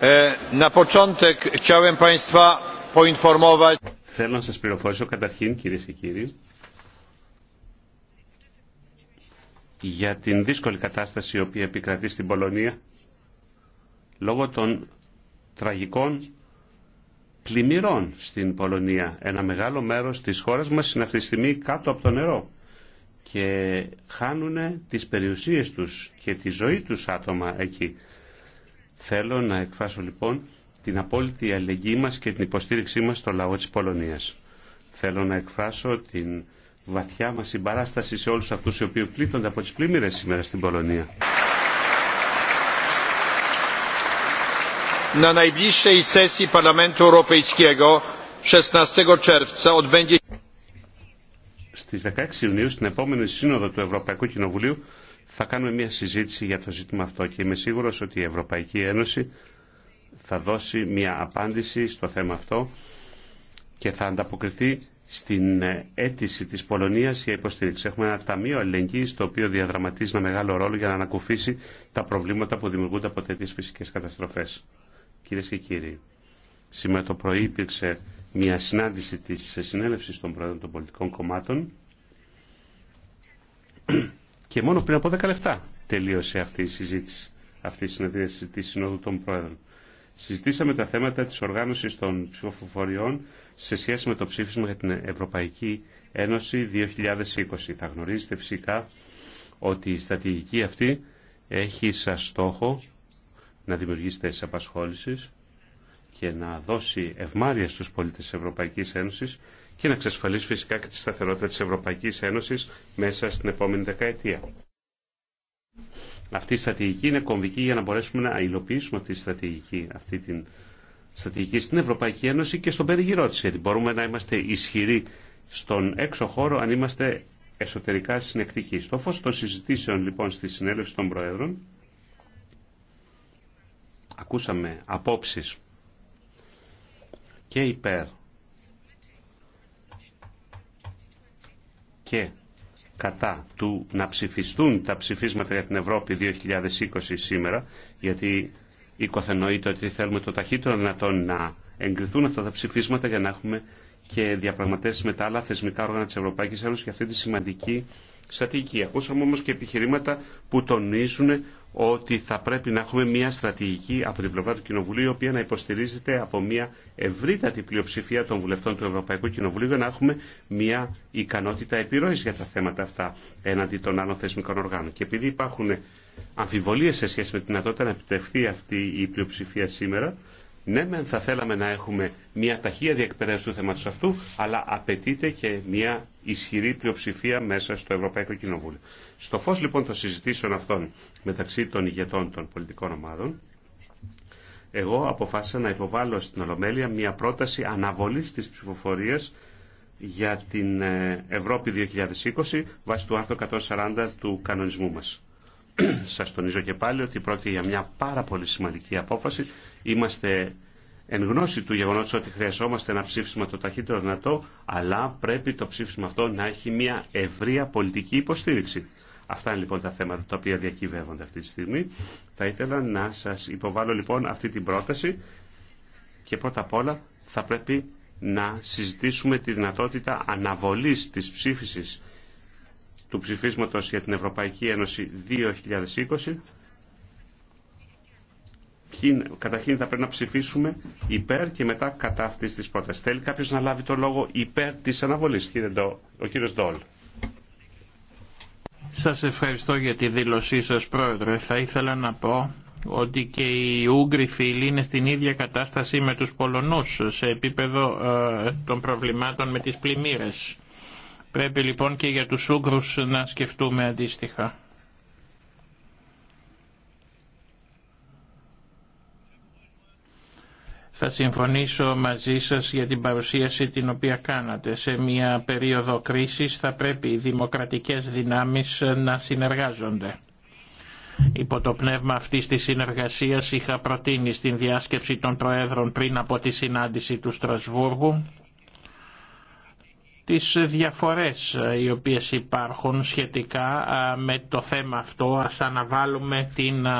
Ε, Θέλω να σας πληροφορήσω καταρχήν κυρίες και κύριοι για την δύσκολη κατάσταση η οποία επικρατεί στην Πολωνία λόγω των τραγικών πλημμυρών στην Πολωνία. Ένα μεγάλο μέρος της χώρας μας είναι αυτή τη στιγμή κάτω από το νερό και χάνουν τις περιουσίες τους και τη ζωή τους άτομα εκεί. Θέλω να εκφράσω λοιπόν την απόλυτη αλληλεγγύη μας και την υποστήριξή μας στο λαό της Πολωνίας. Θέλω να εκφράσω την βαθιά μας συμπαράσταση σε όλους αυτούς οι οποίοι πλήττονται από τις πλημμύρες σήμερα στην Πολωνία. Na najbliższej sesji Parlamentu Europejskiego 16 czerwca odbędzie Στις 16 Ιουνίου στην επόμενη σύνοδο του Ευρωπαϊκού Κοινοβουλίου θα κάνουμε μια συζήτηση για το ζήτημα αυτό και είμαι σίγουρος ότι η Ευρωπαϊκή Ένωση θα δώσει μια απάντηση στο θέμα αυτό και θα ανταποκριθεί στην ε, αίτηση της Πολωνίας για υποστήριξη. Έχουμε ένα ταμείο ελεγγύη το οποίο διαδραματίζει ένα μεγάλο ρόλο για να ανακουφίσει τα προβλήματα που δημιουργούνται από τέτοιες φυσικές καταστροφές. Κυρίε και κύριοι, σήμερα το πρωί υπήρξε μια συνάντηση της συνέλευσης των Πρόεδρων των Πολιτικών Κομμάτων και μόνο πριν από 10 λεπτά τελείωσε αυτή η συζήτηση, αυτή η συνεδρίαση τη Συνόδου των Πρόεδρων. Συζητήσαμε τα θέματα τη οργάνωση των ψηφοφοριών σε σχέση με το ψήφισμα για την Ευρωπαϊκή Ένωση 2020. Θα γνωρίζετε φυσικά ότι η στρατηγική αυτή έχει σαν στόχο να δημιουργήσει θέσει απασχόλησης και να δώσει ευμάρεια στους πολίτες της Ευρωπαϊκής Ένωσης και να εξασφαλίσει φυσικά και τη σταθερότητα της Ευρωπαϊκής Ένωσης μέσα στην επόμενη δεκαετία. Αυτή η στρατηγική είναι κομβική για να μπορέσουμε να υλοποιήσουμε αυτή τη στρατηγική, αυτή την στρατηγική στην Ευρωπαϊκή Ένωση και στον περιγυρό της, γιατί μπορούμε να είμαστε ισχυροί στον έξω χώρο αν είμαστε εσωτερικά συνεκτικοί. Στο φως των συζητήσεων λοιπόν στη συνέλευση των Προέδρων, ακούσαμε απόψεις και υπέρ και κατά του να ψηφιστούν τα ψηφίσματα για την Ευρώπη 2020 σήμερα, γιατί οικοθενοείται ότι θέλουμε το ταχύτερο δυνατόν να εγκριθούν αυτά τα ψηφίσματα για να έχουμε και διαπραγματεύσει με τα άλλα θεσμικά όργανα της Ευρωπαϊκής Ένωσης για αυτή τη σημαντική στρατηγική. Ακούσαμε όμω και επιχειρήματα που τονίζουν ότι θα πρέπει να έχουμε μια στρατηγική από την πλευρά του Κοινοβουλίου, η οποία να υποστηρίζεται από μια ευρύτατη πλειοψηφία των βουλευτών του Ευρωπαϊκού Κοινοβουλίου, για να έχουμε μια ικανότητα επιρροή για τα θέματα αυτά έναντι των άλλων θεσμικών οργάνων. Και επειδή υπάρχουν αμφιβολίε σε σχέση με τη δυνατότητα να επιτευχθεί αυτή η πλειοψηφία σήμερα, ναι, μεν θα θέλαμε να έχουμε μια ταχεία διεκπαιδεύση του θέματο αυτού, αλλά απαιτείται και μια ισχυρή πλειοψηφία μέσα στο Ευρωπαϊκό Κοινοβούλιο. Στο φω λοιπόν των συζητήσεων αυτών μεταξύ των ηγετών των πολιτικών ομάδων, εγώ αποφάσισα να υποβάλω στην Ολομέλεια μια πρόταση αναβολή τη ψηφοφορία για την ε, Ευρώπη 2020 βάσει του άρθρου 140 του κανονισμού μας. Σας τονίζω και πάλι ότι πρόκειται για μια πάρα πολύ σημαντική απόφαση. Είμαστε εν γνώση του γεγονότος ότι χρειαζόμαστε ένα ψήφισμα το ταχύτερο δυνατό, αλλά πρέπει το ψήφισμα αυτό να έχει μια ευρεία πολιτική υποστήριξη. Αυτά είναι λοιπόν τα θέματα τα οποία διακυβεύονται αυτή τη στιγμή. Θα ήθελα να σας υποβάλω λοιπόν αυτή την πρόταση και πρώτα απ' όλα θα πρέπει να συζητήσουμε τη δυνατότητα αναβολής της ψήφισης του ψηφίσματος για την Ευρωπαϊκή Ένωση 2020. Καταρχήν θα πρέπει να ψηφίσουμε υπέρ και μετά κατά αυτής της πρότασης. Θέλει κάποιος να λάβει το λόγο υπέρ της αναβολής, ο κύριος Ντόλ. Σας ευχαριστώ για τη δήλωσή σας πρόεδρε. Θα ήθελα να πω ότι και οι Ούγγροι φίλοι είναι στην ίδια κατάσταση με τους Πολωνούς σε επίπεδο ε, των προβλημάτων με τις πλημμύρες. Πρέπει λοιπόν και για τους Ούγκρους να σκεφτούμε αντίστοιχα. Θα συμφωνήσω μαζί σας για την παρουσίαση την οποία κάνατε. Σε μια περίοδο κρίσης θα πρέπει οι δημοκρατικές δυνάμεις να συνεργάζονται. Υπό το πνεύμα αυτής της συνεργασίας είχα προτείνει στην διάσκεψη των Προέδρων πριν από τη συνάντηση του Στρασβούργου τις διαφορές ε, οι οποίες υπάρχουν σχετικά ε, με το θέμα αυτό ας αναβάλουμε την ε,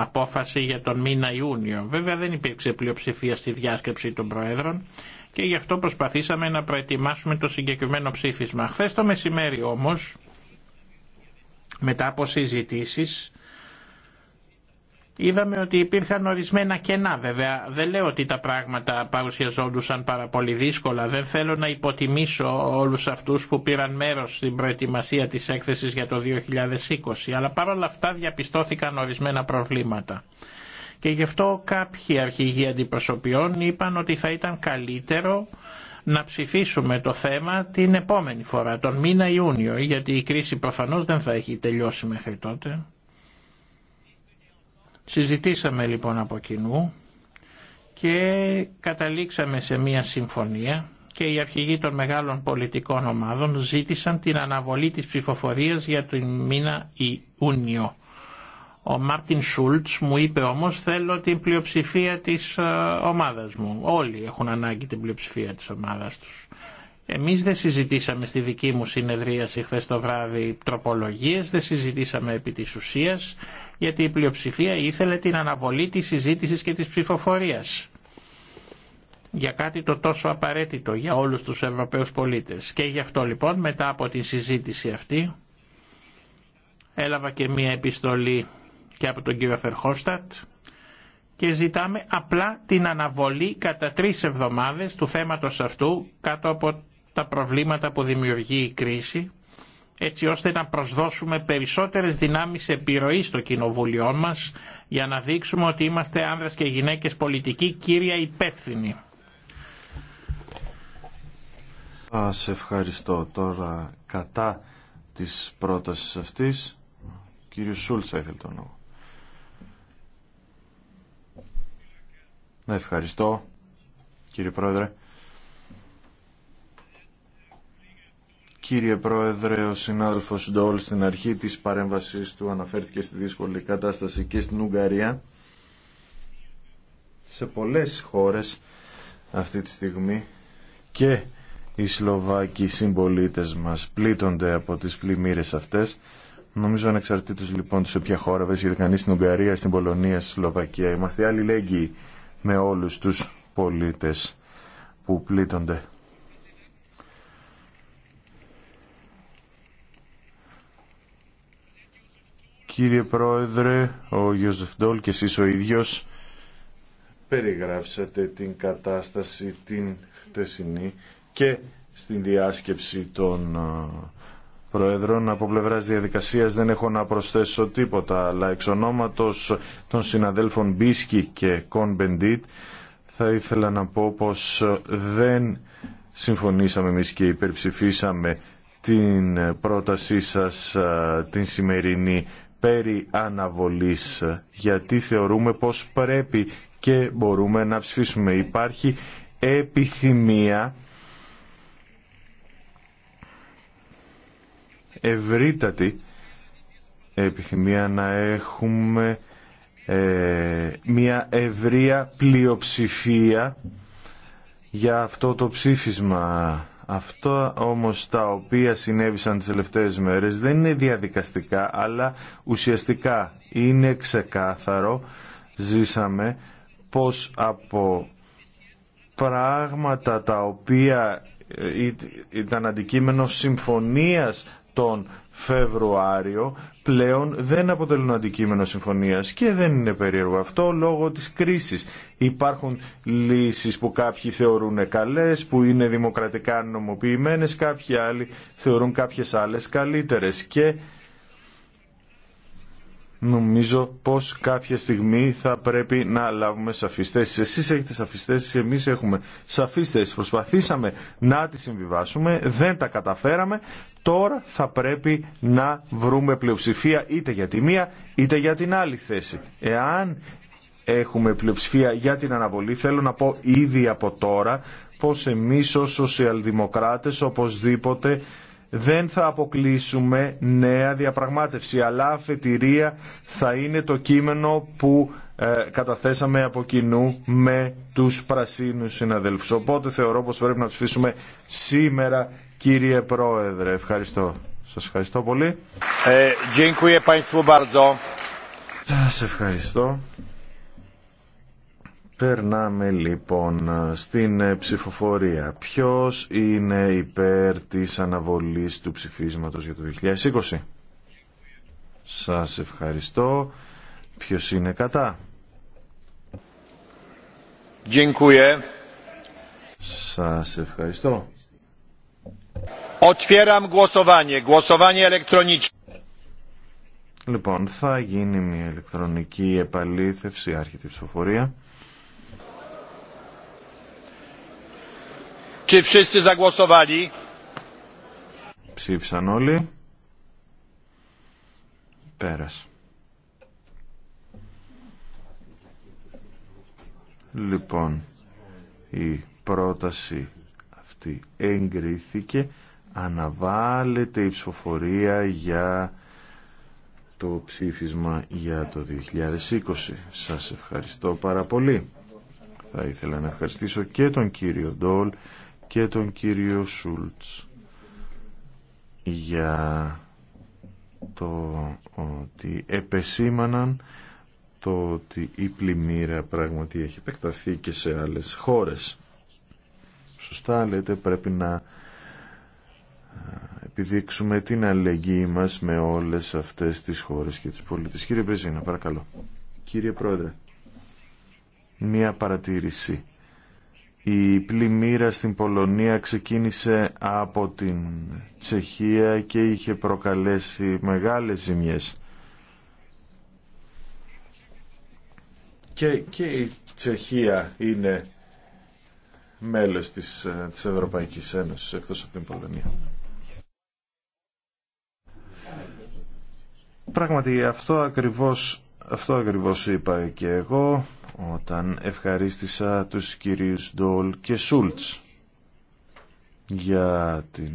απόφαση για τον μήνα Ιούνιο. Βέβαια δεν υπήρξε πλειοψηφία στη διάσκεψη των Προέδρων και γι' αυτό προσπαθήσαμε να προετοιμάσουμε το συγκεκριμένο ψήφισμα. Χθε το μεσημέρι όμως μετά από συζητήσεις Είδαμε ότι υπήρχαν ορισμένα κενά βέβαια. Δεν λέω ότι τα πράγματα παρουσιαζόντουσαν πάρα πολύ δύσκολα. Δεν θέλω να υποτιμήσω όλους αυτούς που πήραν μέρος στην προετοιμασία της έκθεσης για το 2020. Αλλά παρόλα αυτά διαπιστώθηκαν ορισμένα προβλήματα. Και γι' αυτό κάποιοι αρχηγοί αντιπροσωπιών είπαν ότι θα ήταν καλύτερο να ψηφίσουμε το θέμα την επόμενη φορά, τον μήνα Ιούνιο, γιατί η κρίση προφανώς δεν θα έχει τελειώσει μέχρι τότε. Συζητήσαμε λοιπόν από κοινού και καταλήξαμε σε μια συμφωνία και οι αρχηγοί των μεγάλων πολιτικών ομάδων ζήτησαν την αναβολή της ψηφοφορίας για τον μήνα Ιούνιο. Ο Μάρτιν Σούλτς μου είπε όμως θέλω την πλειοψηφία της ε, ομάδας μου. Όλοι έχουν ανάγκη την πλειοψηφία της ομάδας τους. Εμείς δεν συζητήσαμε στη δική μου συνεδρίαση χθε το βράδυ τροπολογίες, δεν συζητήσαμε επί της ουσίας γιατί η πλειοψηφία ήθελε την αναβολή της συζήτησης και της ψηφοφορίας για κάτι το τόσο απαραίτητο για όλους τους Ευρωπαίους πολίτες. Και γι' αυτό λοιπόν μετά από τη συζήτηση αυτή έλαβα και μία επιστολή και από τον κύριο Φερχόστατ και ζητάμε απλά την αναβολή κατά τρεις εβδομάδες του θέματος αυτού κάτω από τα προβλήματα που δημιουργεί η κρίση έτσι ώστε να προσδώσουμε περισσότερες δυνάμεις επιρροή στο κοινοβούλιο μας για να δείξουμε ότι είμαστε άνδρες και γυναίκες πολιτικοί κύρια υπεύθυνοι. Σας ευχαριστώ τώρα κατά της πρότασης αυτής. κύριος Σούλτσα ήθελε τον λόγο. Να ευχαριστώ κύριε Πρόεδρε. Κύριε Πρόεδρε, ο συνάδελφος Ντόλ στην αρχή της παρέμβασής του αναφέρθηκε στη δύσκολη κατάσταση και στην Ουγγαρία. Σε πολλές χώρες αυτή τη στιγμή και οι Σλοβάκοι συμπολίτε μας πλήττονται από τις πλημμύρες αυτές. Νομίζω ανεξαρτήτως λοιπόν σε ποια χώρα βρίσκεται κανείς στην Ουγγαρία, στην Πολωνία, στη Σλοβακία. Είμαστε αλληλέγγυοι με όλους τους πολίτες που πλήττονται Κύριε Πρόεδρε, ο Ιωζεφ Ντόλ και εσείς ο ίδιος περιγράψατε την κατάσταση την χτεσινή και στην διάσκεψη των ε, Προεδρών από πλευράς διαδικασίας δεν έχω να προσθέσω τίποτα αλλά εξ ονόματος των συναδέλφων Μπίσκι και Κον Μπεντίτ θα ήθελα να πω πως δεν συμφωνήσαμε εμείς και υπερψηφίσαμε την πρότασή σας ε, την σημερινή περί αναβολής γιατί θεωρούμε πως πρέπει και μπορούμε να ψηφίσουμε. Υπάρχει επιθυμία ευρύτατη επιθυμία να έχουμε ε, μια ευρεία πλειοψηφία για αυτό το ψήφισμα αυτό όμως τα οποία συνέβησαν τις τελευταίες μέρες δεν είναι διαδικαστικά αλλά ουσιαστικά είναι ξεκάθαρο ζήσαμε πως από πράγματα τα οποία ε, ήταν αντικείμενο συμφωνίας τον Φεβρουάριο πλέον δεν αποτελούν αντικείμενο συμφωνίας και δεν είναι περίεργο αυτό λόγω της κρίσης. Υπάρχουν λύσεις που κάποιοι θεωρούν καλές, που είναι δημοκρατικά νομοποιημένες, κάποιοι άλλοι θεωρούν κάποιες άλλες καλύτερες και νομίζω πως κάποια στιγμή θα πρέπει να λάβουμε σαφείς θέσεις. Εσείς έχετε σαφείς θέσεις, εμείς έχουμε σαφείς θέσεις. Προσπαθήσαμε να τις συμβιβάσουμε, δεν τα καταφέραμε. Τώρα θα πρέπει να βρούμε πλειοψηφία είτε για τη μία είτε για την άλλη θέση. Εάν έχουμε πλειοψηφία για την αναβολή, θέλω να πω ήδη από τώρα πως εμείς ως σοσιαλδημοκράτες οπωσδήποτε δεν θα αποκλείσουμε νέα διαπραγμάτευση, αλλά αφετηρία θα είναι το κείμενο που ε, καταθέσαμε από κοινού με τους πρασίνους συναδέλφους. Οπότε θεωρώ πως πρέπει να ψηφίσουμε σήμερα, κύριε Πρόεδρε. Ευχαριστώ. Σας ευχαριστώ πολύ. Ε, Σας ευχαριστώ. Περνάμε λοιπόν στην ε, ψηφοφορία. Ποιος είναι υπέρ της αναβολής του ψηφίσματος για το 2020. Σας ευχαριστώ. Ποιος είναι κατά. Dziękuję. Σας ευχαριστώ. Otwieram głosowanie. Głosowanie elektroniczne. Λοιπόν, θα γίνει μια ηλεκτρονική επαλήθευση, άρχιτη ψηφοφορία. Czy wszyscy zagłosowali? Ψήφισαν όλοι. Πέρασε. Λοιπόν, η πρόταση αυτή εγκρίθηκε. Αναβάλλεται η ψηφοφορία για το ψήφισμα για το 2020. Σας ευχαριστώ πάρα πολύ. Θα ήθελα να ευχαριστήσω και τον κύριο Ντόλ και τον κύριο Σούλτς για το ότι επεσήμαναν το ότι η πλημμύρα πράγματι έχει επεκταθεί και σε άλλες χώρες. Σωστά λέτε πρέπει να ε, επιδείξουμε την αλληλεγγύη μας με όλες αυτές τις χώρες και τις πολίτες. Κύριε Μπεζίνα, παρακαλώ. Κύριε Πρόεδρε, μία παρατήρηση η πλημμύρα στην Πολωνία ξεκίνησε από την Τσεχία και είχε προκαλέσει μεγάλες ζημιές. Και, και η Τσεχία είναι μέλος της, ε, της Ευρωπαϊκής Ένωσης εκτός από την Πολωνία. Πράγματι αυτό ακριβώς, αυτό ακριβώς είπα και εγώ όταν ευχαρίστησα τους κυρίους Ντόλ και Σούλτς για την